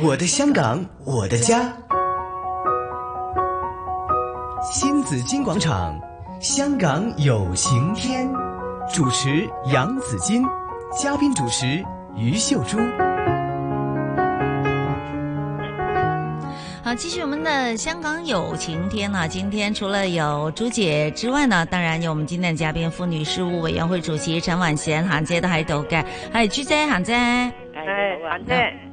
我的香港，我的家。新紫金廣場，香港有晴天。主持楊紫金，嘉賓主持于秀珠。好，繼續我們的香港有晴天啦、啊。今天除了有朱姐之外呢，當然有我們今天的嘉賓婦女事務委員會主席陳婉嫻、嫻姐都喺度嘅。係朱姐，嫻姐，係嫻姐。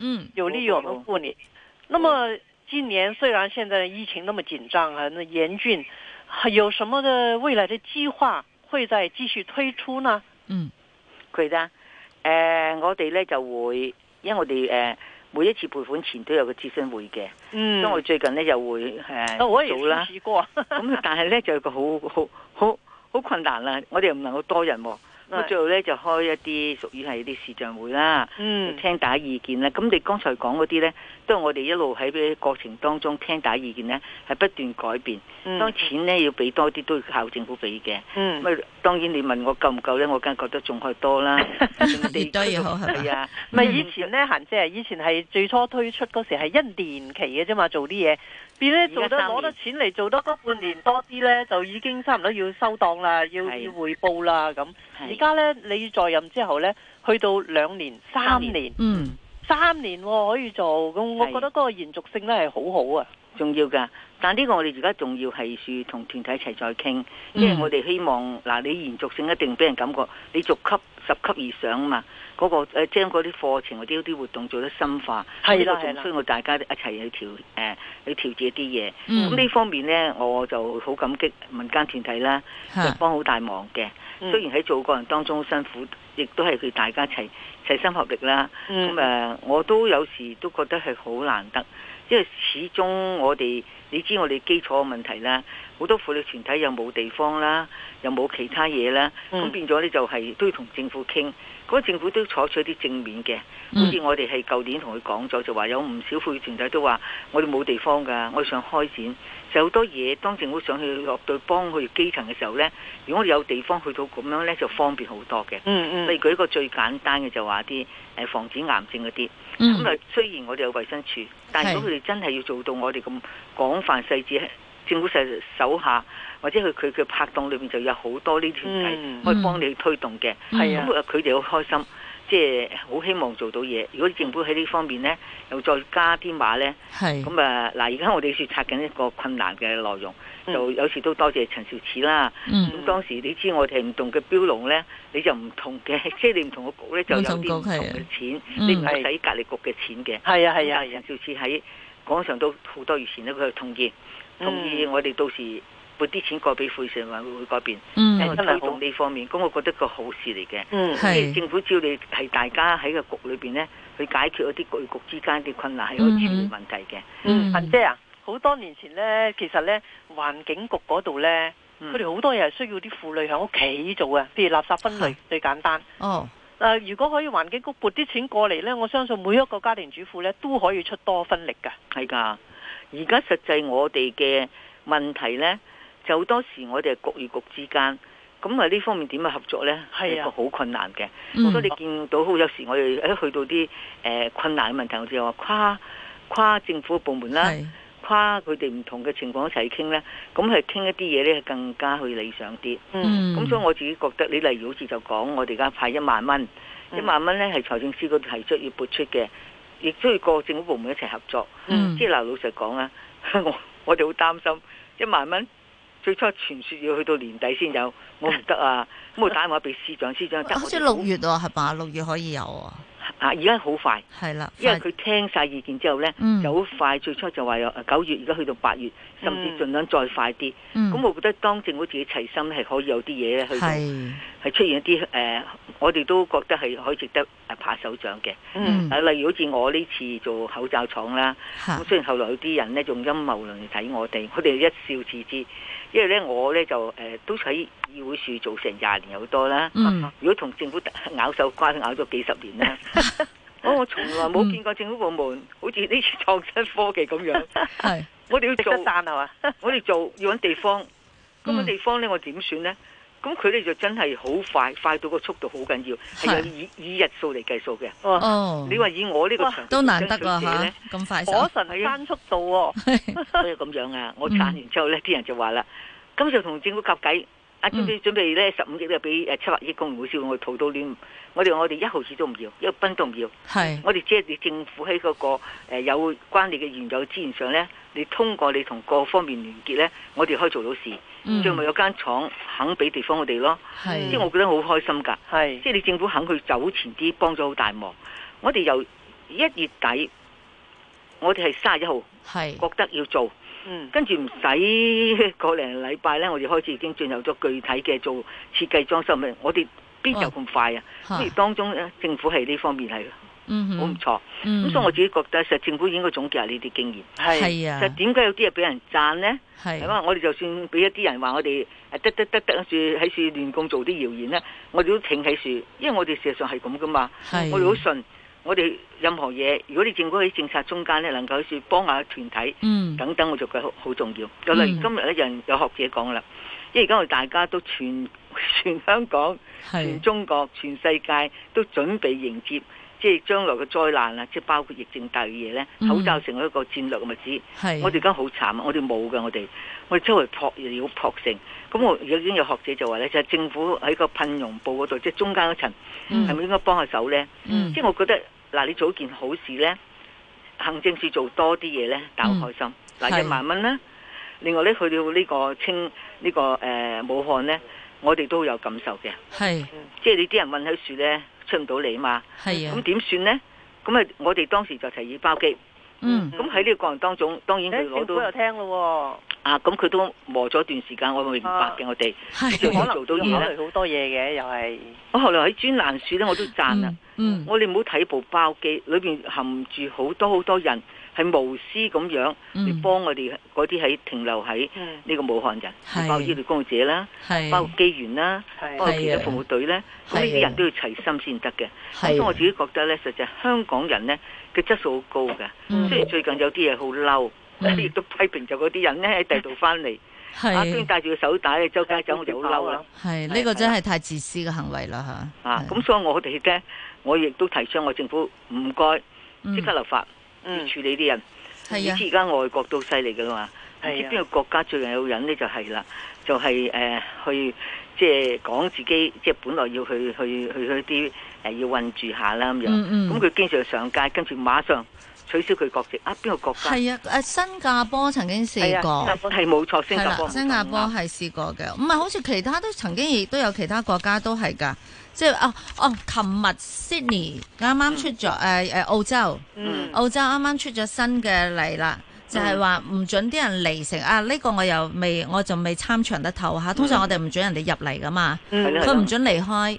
嗯，有利於我們護理。那麼今年雖然現在疫情那麼緊張啊，那嚴峻，有什麼的未來的計劃會再繼續推出呢？嗯，佢咧，誒， 我哋咧就會，因為我哋誒每一次撥款前都有個諮詢會嘅。嗯，咁我最近咧又會誒做啦。咁 但係咧就有個好好好好困難啦，我哋又唔能夠多人、哦。我最後咧就開一啲屬於係啲視像會啦，嗯、聽大家意見啦。咁你剛才講嗰啲咧？都我哋一路喺嘅過程當中聽大家意見呢，係不斷改變。當錢呢，要俾多啲，都要靠政府俾嘅。咪、嗯、當然你問我夠唔夠呢？我梗係覺得仲可以多啦，仲 多咗。係啊，咪以前呢，行即以前係最初推出嗰時係一年期嘅啫嘛，做啲嘢變咧做得攞得錢嚟，做得嗰半年多啲呢，就已經差唔多要收檔啦，要要匯報啦咁。而家的呢，你在任之後呢，去到兩年三年嗯。三年、哦、可以做，咁我覺得嗰個延續性咧係好好啊，重要㗎。但呢個我哋而家仲要係要同團體一齊再傾，因為我哋希望嗱、嗯，你延續性一定俾人感覺，你逐級拾級而上啊嘛。嗰、嗰個誒將嗰啲課程嗰啲啲活動做得深化，呢個仲需要大家一齊去調誒去調節一啲嘢。咁、呃、呢、嗯、方面咧，我就好感激民間團體啦，就幫好大忙嘅。嗯、雖然喺做過程當中辛苦，亦都係佢大家一齊。齊心合力啦，咁誒、mm. 啊，我都有時都覺得係好難得，因為始終我哋，你知我哋基礎嘅問題啦，好多婦女團體又冇地方啦，又冇其他嘢啦，咁、mm. 變咗咧就係、是、都要同政府傾嗰、那個政府都採取一啲正面嘅，好似我哋係舊年同佢講咗，就話有唔少婦女團體都話我哋冇地方㗎，我哋想開展。就好多嘢，當政府上去落到幫佢基層嘅時候咧，如果我哋有地方去到咁樣咧，就方便好多嘅、嗯。嗯嗯。例如舉一個最簡單嘅就話啲誒防止癌症嗰啲，咁啊、嗯、雖然我哋有衞生署，但係如果佢哋真係要做到我哋咁廣泛細緻，政府實手下或者佢佢嘅拍檔裏邊就有好多呢啲團體可以幫你推動嘅。係啊、嗯，咁佢哋好開心。嗯嗯。即係好希望做到嘢，如果政府喺呢方面咧，又再加啲話咧，咁啊嗱，而家、嗯嗯、我哋説拆緊一個困難嘅內容，嗯、就有時都多謝陳肇始啦。咁、嗯、當時你知我哋唔同嘅標籤咧，你就唔同嘅，嗯、即係你唔同個局咧就有啲唔同嘅錢，嗯嗯、你唔係使隔籬局嘅錢嘅。係啊係啊，啊、嗯、啊，陳肇始喺廣場都好多月前咧，佢同意、嗯、同意我哋到時。撥啲錢過俾婦委會，話會改變誒，真係動力方面。咁我覺得個好事嚟嘅。政府照要你提大家喺個局裏邊呢，去解決一啲局局之間啲困難，係可以處理問題嘅。嗯，嫻姐啊，好多年前呢，其實呢環境局嗰度呢，佢哋好多嘢係需要啲婦女喺屋企做嘅，譬如垃圾分類最簡單。哦，如果可以環境局撥啲錢過嚟呢，我相信每一個家庭主婦呢都可以出多分力㗎。係㗎，而家實際我哋嘅問題呢。有好多時我哋係局與局之間，咁啊呢方面點啊合作咧？係一個好困難嘅。好多、嗯、你見到好有時我哋喺、哎、去到啲誒、呃、困難嘅問題，我就話跨跨政府部門啦，跨佢哋唔同嘅情況一齊傾咧。咁係傾一啲嘢咧，更加去理想啲。嗯，咁所以我自己覺得，你例如好似就講我哋而家派一萬蚊，嗯、一萬蚊咧係財政司嗰度提出要撥出嘅，亦都要各政府部門一齊合作。即係嗱，老實講啊，我我哋好擔心一萬蚊。最初傳説要去到年底先有，我唔得啊！咁我打電話俾司長， 司長好似六月喎，係吧？六月可以有啊！啊，而家好快，係啦，因為佢聽晒意見之後咧，嗯、就好快。最初就話有九月，而家去到八月，甚至盡量再快啲。咁、嗯嗯、我覺得當政府自己齊心，係可以有啲嘢咧，去係出現一啲誒是、呃，我哋都覺得係可以值得誒拍手掌嘅。嗯嗯、例如好似我呢次做口罩廠啦，咁雖然後來有啲人咧，用陰謀論嚟睇我哋，佢哋一笑置之。因為咧，我咧就誒、呃，都喺議會處做成廿年好多啦。Mm. 如果同政府咬手瓜咬咗幾十年啦、 哦，我從來冇見過政府部門、mm. 好似呢次創新科技咁樣。係， 我哋要做，散我哋做 我要搵地方，咁樣地方咧，mm. 我點算咧？咁佢哋就真係好快，快到個速度好緊要，係有以以日數嚟計數嘅。哦，哦，你話以我呢個長、哦、都難得㗎嚇，火、啊、神係要爭速度喎、哦。 所以咁樣啊，我撐完之後咧，啲人就話啦，咁就同政府夾計。阿、嗯、準備準備咧，十五億咧俾誒七百億工會燒，我淘到亂。我哋我哋一毫子都唔要，一個分都唔要。係是，我哋即係你政府喺嗰，那個誒、呃、有關你嘅原有資源上咧，你通過你同各方面聯結咧，我哋可以做到事。嗯、最尾有間廠肯俾地方我哋咯，即係是我覺得好開心噶。係是，即係你政府肯去走前啲，幫咗好大忙。我哋由一月底，我哋係三十一號，係覺得要做。是是嗯、跟住唔使個零禮拜呢，我哋開始已經進入咗具體嘅做設計裝修咩，我哋邊有咁快啊？哦、譬如當中政府喺呢方面係，好唔錯，咁、嗯、哼所以我自己覺得，實政府應該總結下呢啲經驗，係，其、啊、實點解有啲嘢俾人讚呢？係嘛，我哋就算俾一啲人話我哋、啊、得得得得喺度喺度亂講做啲謠言呢，我哋都挺喺度，因為我哋事實上係咁噶嘛，是我哋好信。我哋任何嘢，如果你政府喺政策中間咧，能夠算幫下團體等等，嗯、我就覺得好重要。又例如今日一樣，有學者講啦，因為而家我哋大家都全全香港、是全中國、全世界都準備迎接，即係將來嘅災難啊，即係包括疫症第二嘢咧，嗯、口罩成為一個戰略嘅物資是。我哋而家好慘啊，我哋冇嘅，我哋我哋周圍撲要撲成，咁我而家已經有學者就話咧，就係政府喺個噴熔布嗰度，即係中間嗰層，係咪、嗯、應該幫下手咧？即係、嗯、我覺得。嗱，你做件好事咧，行政署做多啲嘢咧，但好開心。嗱，一萬蚊啦。另外咧，去到呢個清呢個誒武漢咧，我哋都有感受嘅。係，即係你啲人困喺樹咧，出唔到嚟啊嘛。係啊。咁點算咧？咁啊，我哋當時就提議包機。嗯。咁喺呢個過程當中，當然佢我都聽咯。啊，咁佢都磨咗一段時間，我明白嘅。我哋可能做到好多嘢嘅，又係。我後來喺專欄樹咧，我都贊啦。我哋唔好睇部包機，裏邊含住好多好多人，係無私咁樣嚟幫我哋嗰啲喺停留喺呢個武漢人，包括醫療工作者啦，包括機員啦，包括其他服務隊咧，咁呢啲人都要齊心先得嘅。所以我自己覺得咧，實在香港人咧嘅質素好高嘅，雖然最近有啲嘢好嬲，但係亦都批評咗嗰啲人咧喺第二度翻嚟，嚇，居然帶住個手帶周街走，我就好嬲啦。係呢個真係太自私嘅行為啦嚇，咁所以我哋咧。我亦都提倡，我政府唔該即刻立法，嗯、去處理啲人。你知而家外國都好犀利噶啦嘛？你、啊、知邊個國家最近有人咧就係啦，就係、是、誒、就是呃、去即係講自己，即、就、係、是、本來要去去去去啲誒、呃、要困住下啦咁樣。咁佢、嗯嗯、經常上街，跟住馬上。取消佢國籍啊？邊個國家？係啊，誒新加坡曾經試過，係冇、啊、錯，新加坡、啊、新加坡係試過嘅，唔係好似其他都曾經亦都有其他國家都係㗎，即係哦哦，琴日 Sydney 啱啱出咗誒誒澳洲，嗯、澳洲啱啱出咗新嘅嚟啦。就係話唔准啲人離城啊！呢、呢個我又未，我就未參詳得透嚇。通常我哋唔准人哋入嚟噶嘛，佢唔、嗯、准離開，唔、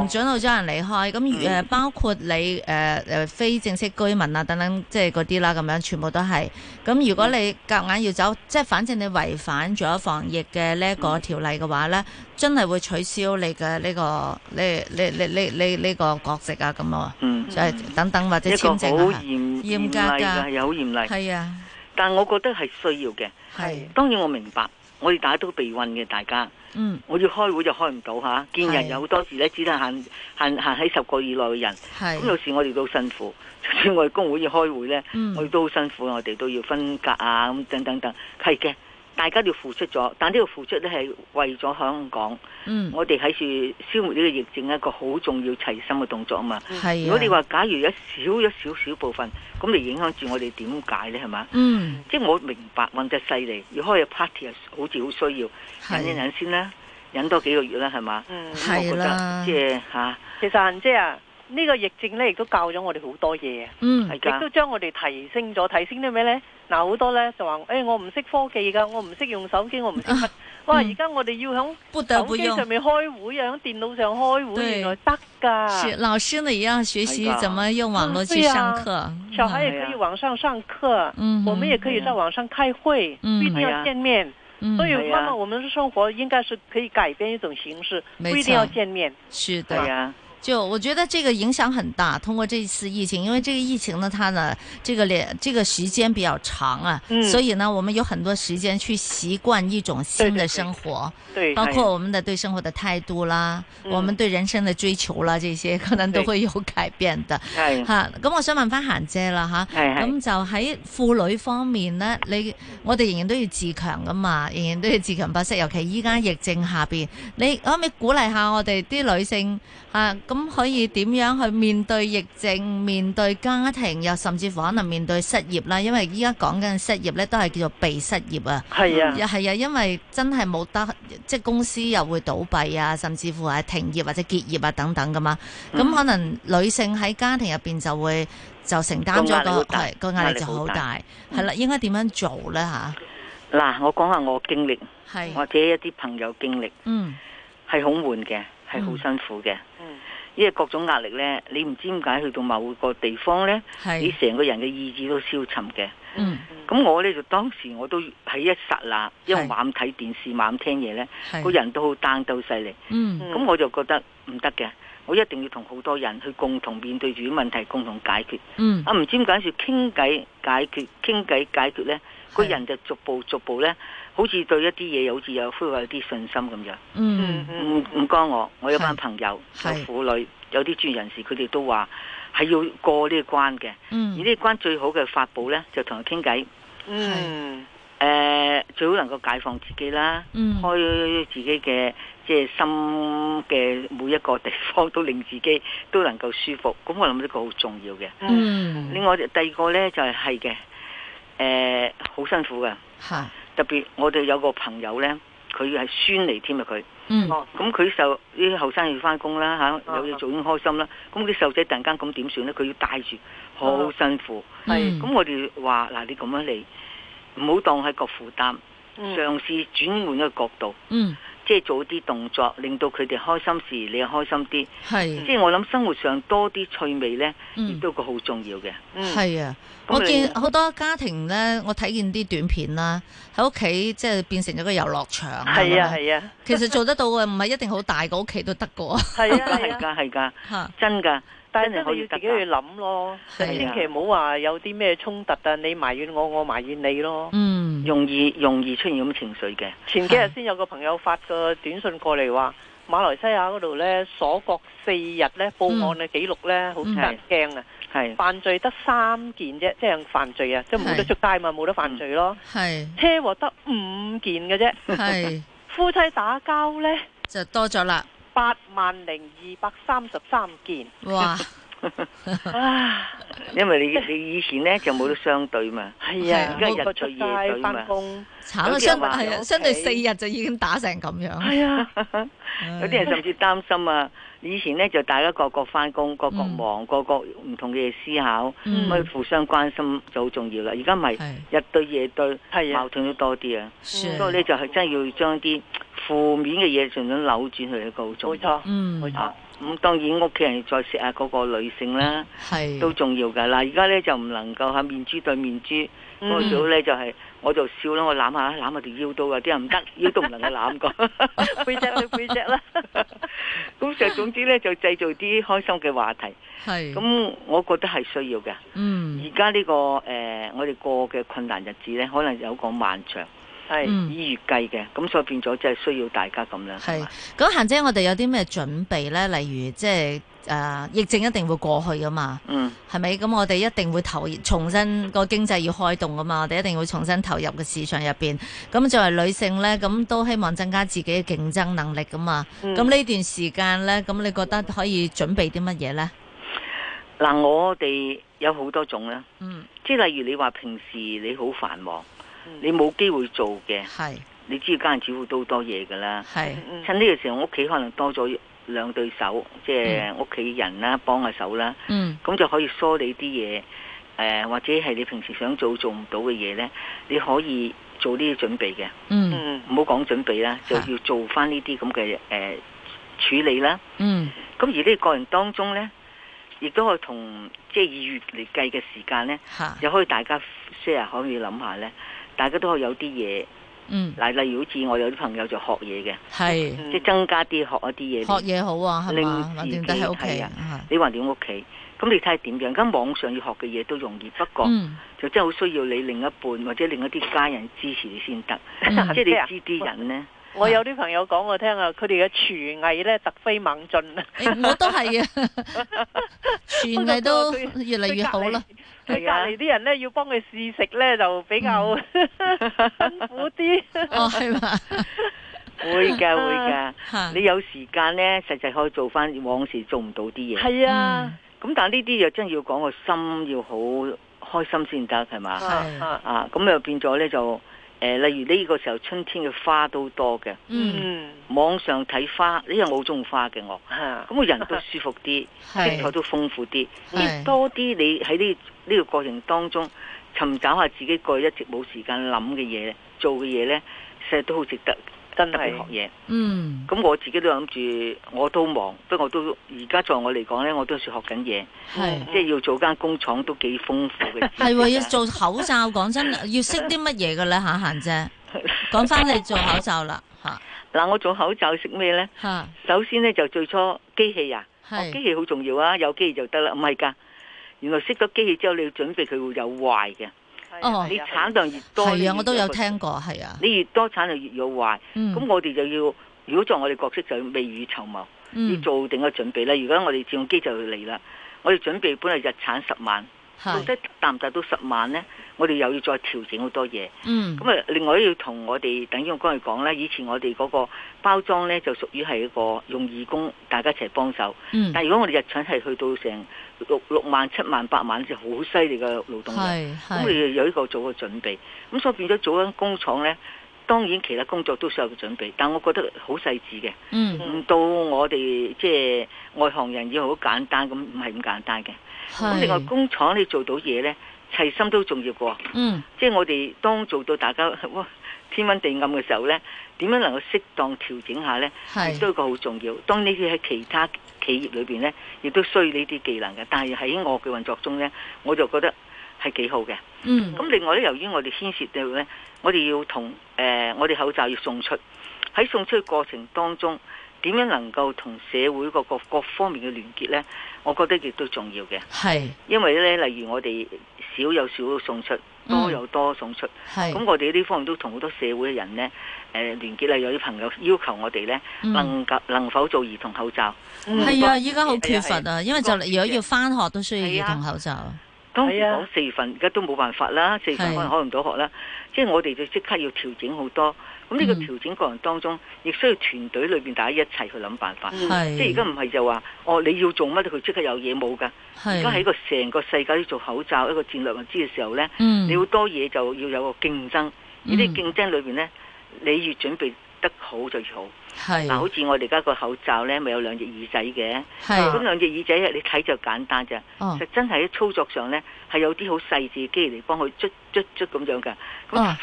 嗯、准有咗人離開。咁誒、嗯，嗯、包括你誒誒、呃、非正式居民啊等等，即係嗰啲啦咁樣，全部都係。咁如果你夾硬要走，嗯、即係反正你違反咗防疫嘅呢個條例嘅話咧，嗯、真係會取消你嘅呢、呢個你你你你你呢個國籍啊咁啊。嗯，就、哦、係、嗯、等等或者簽證啊、嗯。一嚴嚴格㗎，好嚴格。係啊。但係我覺得係需要嘅，係的當然我明白，我哋大家都被困嘅，大家，嗯，我要開會就開唔到嚇，見人有好多時咧只能限限限喺十個以內嘅人，係咁的有時我哋都辛苦，就算外工會要開會咧，嗯、我哋都好辛苦，我哋都要分隔啊咁等，等等等，係嘅。大家要付出咗，但呢個付出咧係為咗香港。嗯，我哋喺處消滅呢個疫症一個好重要齊心嘅動作啊嘛。係、嗯。如果你話假如有少一少少部分，咁嚟影響住我哋點解咧？係嘛？嗯。即我明白混得犀利，要開嘅 party 好似好需要，嗯、忍一忍先啦，忍多幾個月啦，係嘛？嗯，係啦的。即嚇、嗯。的其實即啊，呢、啊呢個疫症咧亦都教咗我哋好多嘢啊。嗯，亦的都將我哋提升咗，提升啲咩咧？嗱，好多咧就話，誒，我唔識科技噶我唔識用手機，我唔識哇。而家我哋要響手機上面開會啊，響電腦上開會咯，原來得噶。老師呢一樣學習怎麼用網絡去上課，小孩也可以網上上課，我們也可以在網上開會，必定要見面。所以話嘛，我們的生活應該是可以改變一種形式，不一定要見面。是的呀。就我覺得這個影響很大，通過這次疫情，因為這個疫情呢，它呢，這個連這個時間比較長啊，嗯、所以呢，我們有很多時間去習慣一種新的生活，對，對，對，對，對包括我們的對生活的態度啦，對我們對人生的追求啦，嗯、這些可能都會有改變的，係對，吓，咁我想問翻嫻姐啦，吓，係系，咁、啊嗯、就喺婦女方面呢，你我哋仍然都要自強噶嘛，仍然都要自強不息，尤其依家疫症下邊，你可唔可以鼓勵下我哋啲女性吓？啊寫 within 咁可以點樣去面對疫症、面對家庭，又甚至乎可能面對失業啦？因為依家講緊失業咧，都係叫做被失業啊。係啊，又係啊，因為真係冇得，即係公司又會倒閉啊，甚至乎係停業或者結業啊等等噶嘛。咁可能女性喺家庭入邊就會就承擔咗個係個壓力就好大。係啦，應該點樣做咧吓？嗱，我講下我經歷，係或者一啲朋友經歷，嗯，係好悶嘅，係好辛苦嘅。因為各種壓力咧，你唔知點解去到某個地方咧，是你成個人嘅意志都消沉嘅。咁、嗯、我咧就當時我都喺一剎那，因為猛睇電視、猛是聽嘢咧，個是人都好單、都好犀利。力、嗯。咁我就覺得唔得嘅。我一定要同好多人去共同面對住啲問題，共同解決。嗯，啊唔知點解，算，傾偈解決，傾偈解決咧，個是人就逐步逐步咧，好似對一啲嘢好似有恢復有啲信心咁樣。嗯嗯唔唔關我，我有班朋友，係婦是女，有啲專業人士，佢哋都話係要過呢個關嘅。嗯，而呢個關最好嘅法寶咧，就同佢傾偈。嗯。是嗯誒、呃，最好能夠解放自己啦，嗯、開自己嘅即係心嘅每一個地方，都令自己都能夠舒服。咁我諗呢個好重要嘅。嗯，另外第二個咧就係係嘅，誒、呃，好辛苦噶。吓是，特別我哋有個朋友咧，佢係孫嚟添啊，佢、啊。嗯。咁佢受啲後生要翻工啦，吓，有嘢做先開心啦。咁啲細仔突然間咁點算咧？佢要帶住，好辛苦。係。咁我哋話嗱，你咁樣嚟。唔好當係個負擔，嘗試轉換一個角度，嗯、即係做啲動作，令到佢哋開心時，你又開心啲。係、啊，即係我諗生活上多啲趣味咧，亦、嗯、都個好重要嘅。係、嗯、啊，我見好多家庭咧，我睇見啲短片啦，喺屋企即係變成咗個遊樂場。係啊係啊，啊其實做得到嘅，唔係一定好大個屋企都得㗎。係 啊係啊係真噶。但係你要自己去諗咯，千祈唔好話有啲咩衝突啊！你埋怨我，我埋怨你咯，嗯，容易容易出現咁樣情緒嘅。前幾日先有個朋友發個短信過嚟話，馬來西亞嗰度咧鎖國四日咧，報案嘅記錄咧好驚驚啊！係犯罪得三件啫，即係犯罪啊，即係冇得出街嘛，冇得犯罪咯。係車禍得五件嘅啫，係夫妻打交咧就多咗啦。八萬零二百三十三件哇！啊，因為你你以前咧就冇得相對嘛，係啊，而家日對夜對嘛，炒咗相相對四日就已經打成咁樣，係啊，有啲人甚至擔心啊。以前咧就大家個個翻工，個個忙，個個唔同嘅嘢思考，咁啊互相關心就好重要啦。而家咪日對夜對，矛盾都多啲啊。不過咧就係真係要將啲。負面嘅嘢盡量扭轉佢嘅構造，冇錯，嗯，冇錯。 咁、嗯、當然屋企人再食下嗰個女性啦，係是都重要㗎。嗱、嗯，而家咧就唔能夠喺面珠對面珠，嗰種咧就係，我就笑啦，我攬下攬下條腰都話啲人唔得，腰都唔能夠攬個，背脊對背脊啦。咁就總之咧就製造啲開心嘅話題，係。咁我覺得係需要嘅，嗯、這個。而家呢個誒，我哋過嘅困難日子咧，可能有個漫長。係以月計嘅，咁所以變咗即係需要大家咁樣。係，咁嫻姐，我哋有啲咩準備咧？例如即係誒，疫症一定會過去噶嘛？嗯，係咪？咁我哋一定會投重新、個經濟要開動噶嘛？我哋一定會重新投入嘅市場入邊。咁作為女性咧，咁都希望增加自己嘅競爭能力噶嘛？咁呢、嗯、段時間咧，咁你覺得可以準備啲乜嘢咧？嗱，我哋有好多種啦。嗯，即係例如你話平時你好繁忙。你冇機會做嘅，你知家人煮婦都好多嘢㗎啦。趁呢個時候，屋企可能多咗兩對手，即係屋企人啦，幫下手啦。咁就可以梳理啲嘢，誒或者係你平時想做做唔到嘅嘢咧，你可以做呢啲準備嘅。唔好講準備啦，就要做翻呢啲咁嘅誒處理啦。咁而呢個過程當中咧，亦都可以同即係以月嚟計嘅時間咧，又可以大家些日可以諗下咧。大家都係有啲嘢。嗱、嗯，例如好似我有啲朋友就學嘢嘅，係是即係增加啲學一啲嘢，學嘢好啊，令自己係你話點屋企，咁你睇下點樣，咁網上要學嘅嘢都容易，不過、嗯、就真係好需要你另一半或者另一啲家人支持你先得，嗯、 即係你知啲人咧。嗯我有啲朋友講我聽啊，佢哋嘅廚藝咧突飛猛進啊！我都係啊，廚藝都越嚟越好啦。佢隔籬啲人咧要幫佢試食咧，就比較辛苦啲。哦，係嘛，會噶會噶，你有時間咧，實際可以做翻往事做唔到啲嘢。係啊，咁但係呢啲又真係要講個心要好開心先得，係嘛？啊啊，咁又變咗咧就。誒、呃，例如呢個時候春天嘅花都多嘅，嗯、網上睇花，呢樣冇種花嘅我吓，咁個 人都舒服啲，色 彩都豐富啲， 多啲你喺呢呢個過程當中尋 找下自己過去一直冇時間諗嘅嘢、做嘅嘢咧，成日都好值得。真係學嘢，咁、嗯、我自己都諗住，我都忙，不過都而家在，在我嚟講呢，我都算學緊嘢，是即係要做間工廠都幾豐富嘅、啊。係喎，要做口罩，講真，要識啲乜嘢嘅呢？嚇嫻，嫻姐講翻你做口罩、啊、啦嚇，嗱我做口罩識咩呢？啊、首先呢，就最初機器啊，是哦、機器好重要啊，有機器就得啦。唔係㗎，原來識咗機器之後，你要準備佢會有壞嘅。哦，oh, 你產量越多，係啊，我都有聽過，係啊。你越多產就越要壞，咁、嗯、我哋就要，如果作我哋角色就要未雨綢繆，嗯、要做定個準備咧。如果我哋自用機就要嚟啦，我哋準備本嚟日產十萬，是到底達唔達到十萬咧？我哋又要再調整好多嘢。嗯，咁啊，另外要同我哋，等於我剛才講咧，以前我哋嗰個包裝咧，就屬於係一個用義工大家一齊幫手。嗯，但如果我哋日產係去到成六六萬七萬八萬，就好犀利嘅勞動力。咁你有呢個做嘅準備，咁所以變咗做緊工廠呢。當然其他工作都需要個準備，但我覺得好細緻嘅。嗯，唔到我哋即係外行人要好簡單咁，唔係咁簡單嘅。咁你話工廠你做到嘢呢，齊心都重要過。嗯，即係我哋當做到大家。天昏地暗嘅時候呢，點樣能夠適當調整下呢？亦是都一個好重要。當呢啲喺其他企業裏邊呢，亦都需要呢啲技能嘅。但係喺我嘅運作中呢，我就覺得係幾好嘅。嗯。咁另外呢，由於我哋牽涉到呢，我哋要同誒、呃、我哋口罩要送出，喺送出嘅過程當中，點樣能夠同社會各個各方面嘅連結呢？我覺得亦都重要嘅。係是。因為呢，例如我哋少有少有少有送出。多有多送出，咁、嗯、我哋呢方面都同好多社會嘅人咧，誒、呃、連結啦，有啲朋友要求我哋咧，嗯、能夠能否做兒童口罩？係、嗯嗯、啊，依家好缺乏啊，啊啊因為就如果要翻學都需要兒童口罩。咁講、啊啊、四月份，而家都冇辦法啦，四月份可能開唔到學啦，啊、即係我哋就即刻要調整好多。咁呢、嗯、個調整過程當中，亦需要團隊裏邊大家一齊去諗辦法。是即係而家唔係就話哦，你要做乜佢即刻有嘢冇噶。而家喺個成個世界要做口罩一個戰略物資嘅時候呢，嗯、你好多嘢就要有個競爭。呢啲競爭裏邊呢，你越準備得好就越好。嗱，好似我哋而家個口罩咧，咪有兩隻耳仔嘅？係咁兩隻耳仔，你睇就簡單咋，其實真係喺操作上咧係有啲好細致嘅機器嚟幫佢捽捽捽咁樣噶。咁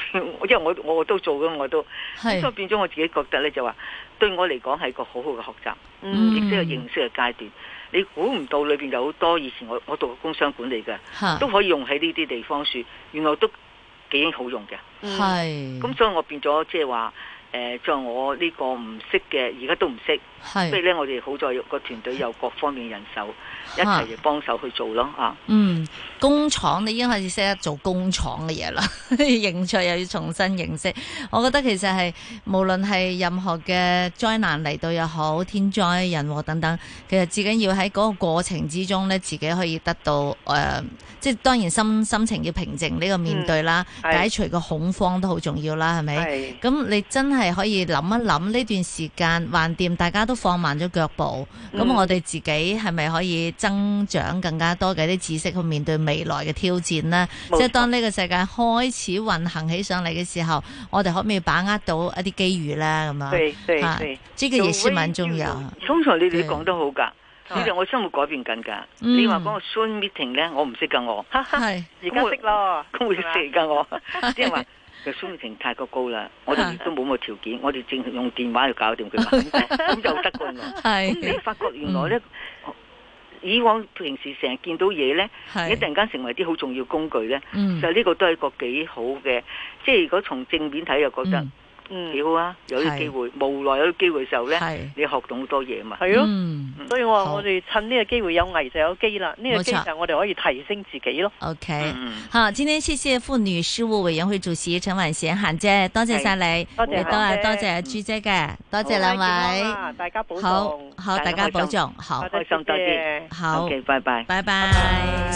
因為我我都做嘅，我都咁，所以變咗我自己覺得咧就話，對我嚟講係一個好好嘅學習，亦即係認識嘅階段。你估唔到裏邊有好多以前我我讀工商管理嘅，都可以用喺呢啲地方書，原來都幾好用嘅。係咁，所以我變咗即係話。誒，仲有我呢個唔識嘅，而家都唔識。係，所以咧，的我哋好在個團隊有各方面人手一齊嚟幫手去做咯，啊。嗯，工廠你已經開始識得做工廠嘅嘢啦，興 趣又要重新認識。我覺得其實係無論係任何嘅災難嚟到又好，天災人禍等等，其實至緊要喺個過程之中咧，自己可以得到誒、呃，即係當然心心情要平靜呢個面對啦，嗯、解除個恐慌都好重要啦，係咪？咁的你真係可以諗一諗呢段時間，橫掂大家都。都放慢咗腳步，咁我哋自己係咪可以增長更加多嘅一啲知識去面對未來嘅挑戰呢？即係當呢個世界開始運行起上嚟嘅時候，我哋可唔可以把握到一啲機遇呢？咁啊，即係意思文仲有。剛才你哋講得好噶，你哋我生活改變緊噶。你話講個 Zoom meeting 咧，我唔識噶我。係而家識咯，咁會識噶我。即係話。就需求停太過高啦，我哋亦都冇乜條件，我哋正用電話去搞掂佢。咁 就得過咁 是你發覺原來咧，嗯、以往平時成日見到嘢咧，是一陣間成為啲好重要工具咧，嗯、就呢個都係一個幾好嘅，即係如果從正面睇就覺得。嗯嗯，幾好啊！有啲機會，無奈有啲機會嘅時候咧，你學懂好多嘢嘛。係咯，所以我話我哋趁呢個機會有危就有機啦。呢個機會我哋可以提升自己咯。OK，好，今天謝謝婦女事務委員會主席陳婉嫻嫻姐，多謝晒你，多謝多謝多謝朱姐嘅，多謝兩位，大家保重，好大家保重，好開心多謝，好，拜拜，拜拜。